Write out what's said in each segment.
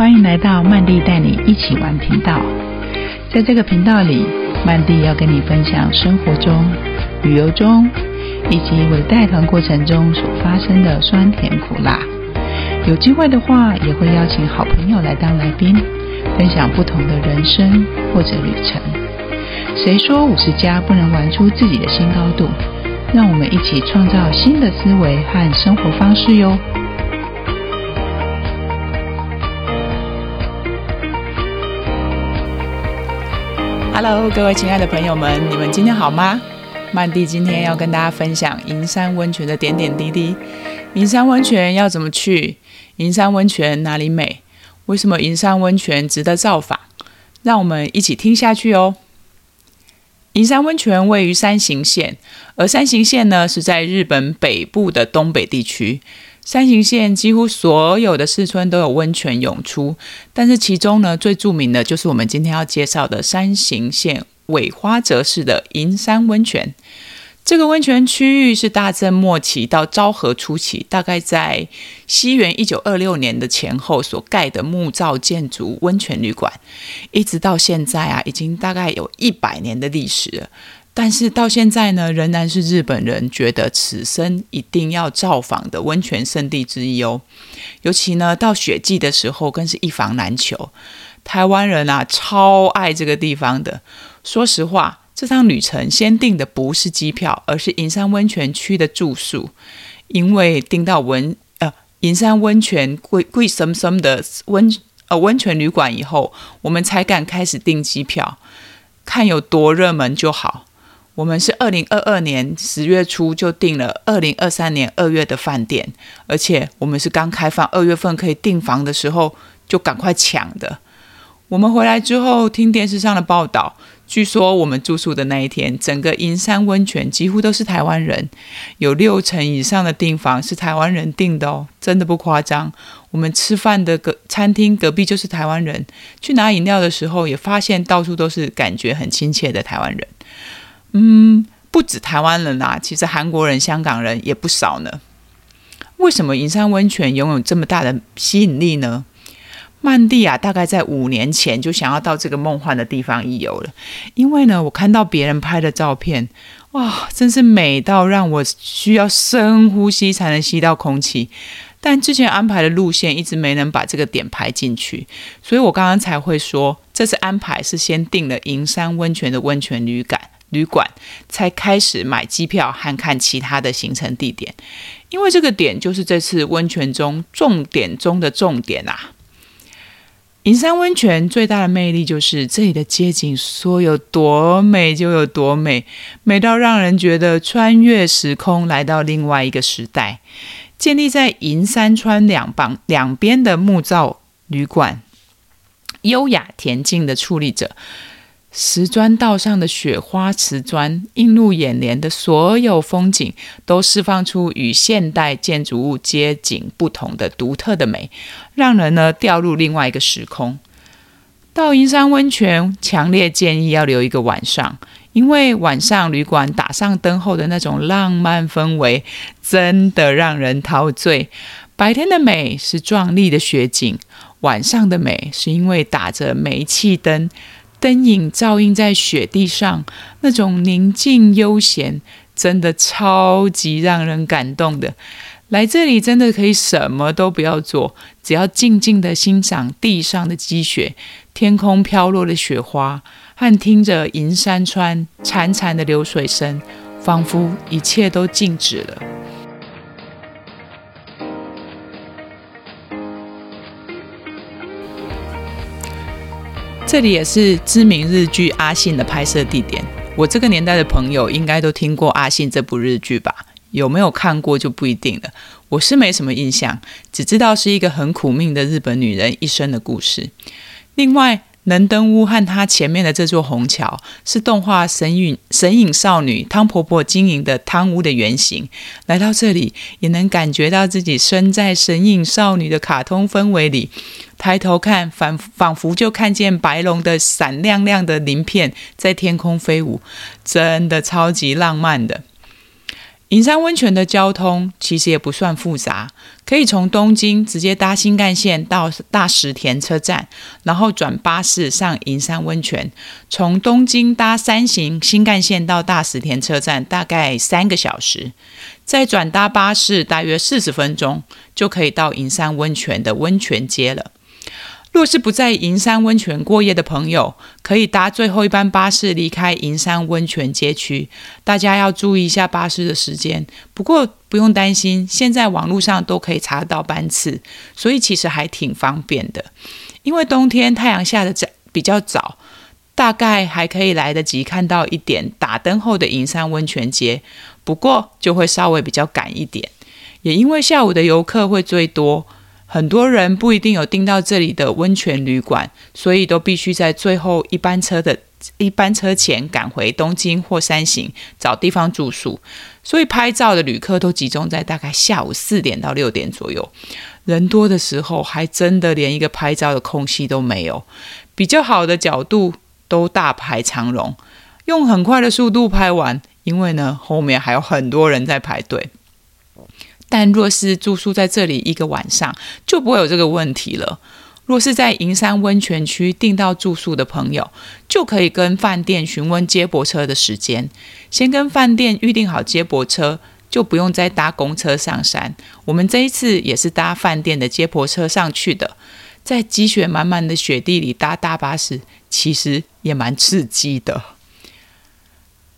歡迎來到曼蒂帶你一起玩頻道，在這個頻道裡，曼蒂要跟你分享生活中、旅遊中以及我的帶團過程中所發生的酸甜苦辣。有機會的話，也會邀請好朋友來當來賓，分享不同的人生或者旅程。誰說五十加不能玩出自己的新高度？讓我們一起創造新的思維和生活方式喲！Hello，各位親愛的朋友們，你們今天好嗎？曼蒂今天要跟大家分享銀山溫泉的點點滴滴。銀山溫泉要怎麼去？銀山溫泉哪裡美？為什麼銀山溫泉值得造訪？讓我們一起聽下去哦。銀山溫泉位於山形縣，而山形縣呢，是在日本北部的東北地區。山形縣幾乎所有的市村都有溫泉湧出，但是其中呢，最著名的就是我們今天要介紹的山形縣尾花澤市的銀山溫泉。這個溫泉區域是大正末期到昭和初期，大概在西元一九二六年的前後所蓋的木造建築溫泉旅館，一直到現在啊，已經大概有一百年的歷史了。但是到現在呢，仍然是日本人覺得此生一定要造訪的溫泉勝地之一哦。尤其呢，到雪季的時候，更是一房難求。台灣人啊，超愛這個地方的。說實話，這趟旅程先訂的不是機票，而是銀山溫泉區的住宿。因為訂到溫呃銀山溫泉貴貴什麼什麼的溫呃溫泉旅館以後，我們才敢開始訂機票，看有多熱門就好。我們是二零二二年十月初就訂了二零二三年二月的飯店，而且我們是剛開放二月份可以訂房的時候就趕快搶的。我們回來之後聽電視上的報道，據說我們住宿的那一天，整個銀山溫泉幾乎都是台灣人，有六成以上的訂房是台灣人訂的哦，真的不誇張。我們吃飯的隔餐廳隔壁就是台灣人，去拿飲料的時候也發現到處都是感覺很親切的台灣人。嗯，不止台灣人啊，其實韓國人、香港人也不少呢。為什麼銀山溫泉擁有這麼大的吸引力呢？曼蒂啊，大概在五年前就想要到這個夢幻的地方一遊了。因為呢，我看到別人拍的照片，哇，真是美到讓我需要深呼吸才能吸到空氣。但之前安排的路線一直沒能把這個點排進去，所以我剛剛才會說，這次安排是先訂了銀山溫泉的溫泉旅館。旅館才開始買機票和看其他的行程地點，因為這個點就是這次溫泉中重點中的重點啊！銀山溫泉最大的魅力就是這裡的街景，說有多美就有多美，美到讓人覺得穿越時空來到另外一個時代。建立在銀山川兩旁兩邊的木造旅館，優雅恬靜的矗立着。石磚道上的雪花瓷磚，映入眼簾的所有風景，都釋放出與現代建築物街景不同的獨特的美，讓人呢掉入另外一個時空。到銀山溫泉，強烈建議要留一個晚上，因為晚上旅館打上燈後的那種浪漫氛圍，真的讓人陶醉。白天的美是壯麗的雪景，晚上的美是因為打着煤氣燈。燈影照映在雪地上，那種寧靜悠閒，真的超級讓人感動的。來這裡真的可以什麼都不要做，只要靜靜的欣賞地上的積雪、天空飄落的雪花，和聽着銀山川潺潺的流水聲，仿佛一切都靜止了。這裡也是知名日劇《阿信》的拍攝地點。我這個年代的朋友應該都聽過《阿信》這部日劇吧？有沒有看過就不一定了。我是沒什麼印象，只知道是一個很苦命的日本女人一生的故事。另外，能登屋和它前面的這座紅橋，是動畫《神隱神隱少女湯婆婆》經營的湯屋的原型。來到這裡，也能感覺到自己身在神隱少女的卡通氛圍裡。抬頭看，仿仿佛就看見白龍的閃亮亮的鱗片在天空飛舞，真的超級浪漫的。銀山溫泉的交通其實也不算複雜，可以從東京直接搭新幹線到大石田車站，然後轉巴士上銀山溫泉。從東京搭山形新幹線到大石田車站大概三個小時，再轉搭巴士，大約四十分鐘就可以到銀山溫泉的溫泉街了。若是不在銀山溫泉過夜的朋友，可以搭最後一班巴士離開銀山溫泉街區。大家要注意一下巴士的時間。不過不用擔心，現在網絡上都可以查到班次，所以其實還挺方便的。因為冬天太陽下的早比較早，大概還可以來得及看到一點打燈後的銀山溫泉街。不過就會稍微比較趕一點，也因為下午的遊客會最多。很多人不一定有訂到這裡的溫泉旅館，所以都必須在最後一班車的一班車前趕回東京或山形找地方住宿。所以拍照的旅客都集中在大概下午四點到六點左右，人多的時候還真的連一個拍照的空隙都沒有。比較好的角度都大排長龍，用很快的速度拍完，因為呢後面還有很多人在排隊。但若是住宿在這裡一個晚上，就不會有這個問題了。若是在銀山溫泉區訂到住宿的朋友，就可以跟飯店詢問接駁車的時間，先跟飯店預定好接駁車，就不用再搭公車上山。我們這一次也是搭飯店的接駁車上去的，在積雪滿滿的雪地裡搭大巴士，其實也蠻刺激的。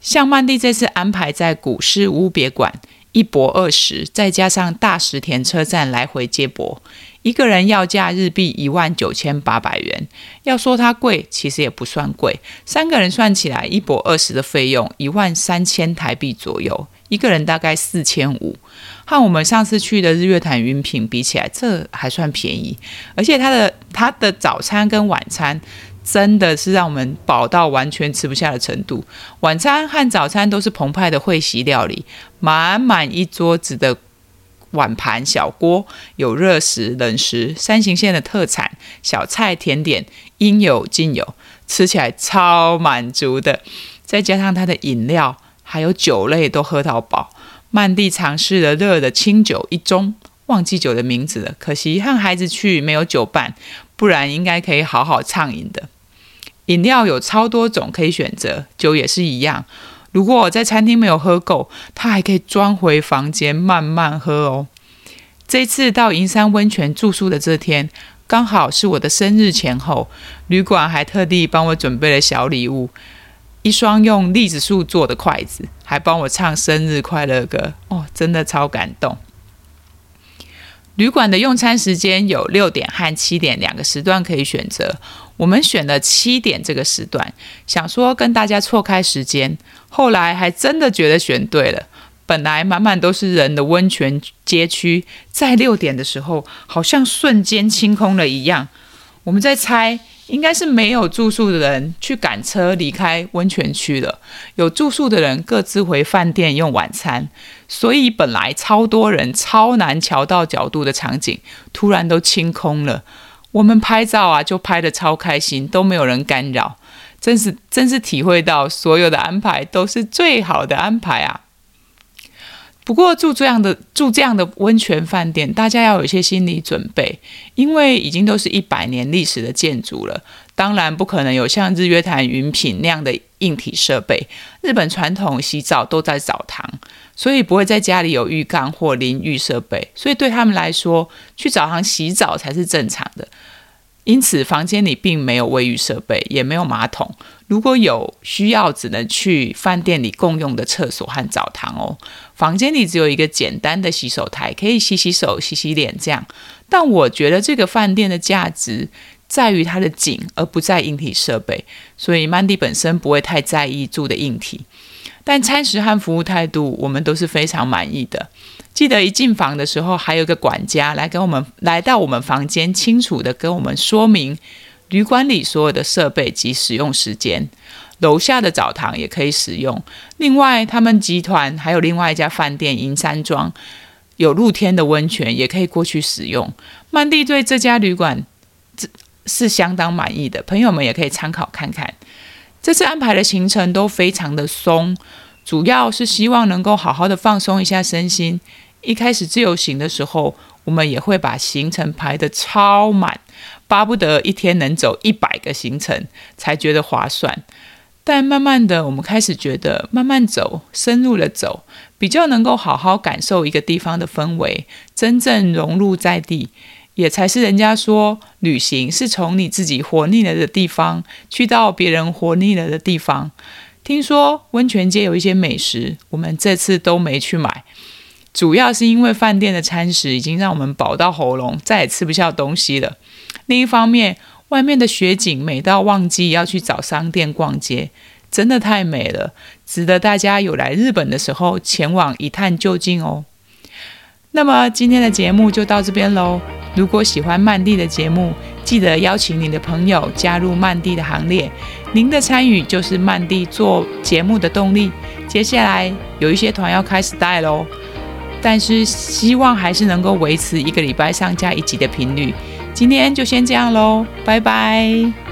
像曼蒂這次安排在古詩屋別館。一泊二十，再加上大石田車站來回接駁，一個人要價日幣一萬九千八百元。要說它貴，其實也不算貴。三個人算起來一泊二十的費用一萬三千台幣左右，一個人大概四千五。和我們上次去的日月潭雲品比起來，這還算便宜。而且它的它的早餐跟晚餐。真的是讓我們飽到完全吃不下的程度。晚餐和早餐都是澎湃的會席料理，滿滿一桌子的碗盤小鍋，有熱食冷食，山形縣的特產小菜、甜點應有盡有，吃起來超滿足的。再加上它的飲料還有酒類都喝到飽。曼蒂嘗試了熱的清酒一盅，忘記酒的名字了，可惜和孩子去沒有酒伴。不然應該可以好好暢飲的。飲料有超多種可以選擇，酒也是一樣。如果我在餐廳沒有喝夠，他還可以裝回房間慢慢喝哦。這次到銀山溫泉住宿的這天，剛好是我的生日前後，旅館還特地幫我準備了小禮物，一雙用栗子樹做的筷子，還幫我唱生日快樂歌，哦，真的超感動。旅館的用餐時間有六點和七點兩個時段可以選擇，我們選了七點這個時段，想說跟大家錯開時間，後來還真的覺得選對了。本來滿滿都是人的溫泉街區，在六點的時候，好像瞬間清空了一樣。我們在猜。應該是沒有住宿的人去趕車離開溫泉區了，有住宿的人各自回飯店用晚餐，所以本來超多人，超難瞧到角度的場景，突然都清空了。我們拍照啊，就拍得超開心，都沒有人干擾，真是真是體會到所有的安排都是最好的安排啊！不過住這樣的住這樣的溫泉飯店，大家要有一些心理準備，因為已經都是一百年歷史的建築了，當然不可能有像日月潭雲品那樣的硬體設備。日本傳統洗澡都在澡堂，所以不會在家裡有浴缸或淋浴設備，所以對他們來說，去澡堂洗澡才是正常的。因此，房間裡並沒有衛浴設備，也沒有馬桶。如果有需要，只能去飯店裡共用的廁所和澡堂哦。房間裡只有一個簡單的洗手台，可以洗洗手、洗洗臉這樣。但我覺得這個飯店的價值在於它的景，而不在硬體設備。所以，Mandy 本身不會太在意住的硬體。但餐食和服務態度，我們都是非常滿意的。記得一進房的時候，還有一個管家來給我們來到我們房間，清楚的跟我們說明旅館裡所有的設備及使用時間。樓下的澡堂也可以使用。另外，他們集團還有另外一家飯店銀山莊，有露天的溫泉，也可以過去使用。曼蒂對這家旅館是相當滿意的，朋友們也可以參考看看。這次安排的行程都非常的鬆，主要是希望能夠好好的放鬆一下身心。一開始自由行的時候，我們也會把行程排得超滿，巴不得一天能走一百個行程才覺得划算。但慢慢的，我們開始覺得慢慢走、深入的走，比較能夠好好感受一個地方的氛圍，真正融入在地。也才是人家說，旅行是從你自己活膩了的地方，去到別人活膩了的地方。聽說溫泉街有一些美食，我們這次都沒去買，主要是因為飯店的餐食已經讓我們飽到喉嚨，再也吃不下東西了。另一方面，外面的雪景美到忘記要去找商店逛街，真的太美了，值得大家有來日本的時候前往一探究竟哦。那麼今天的節目就到這邊嘍。如果喜歡曼蒂的節目，記得邀請你的朋友加入曼蒂的行列。您的參與就是曼蒂做節目的動力。接下來有一些團要開始帶嘍，但是希望還是能夠維持一個禮拜上架一集的頻率。今天就先這樣嘍，拜拜。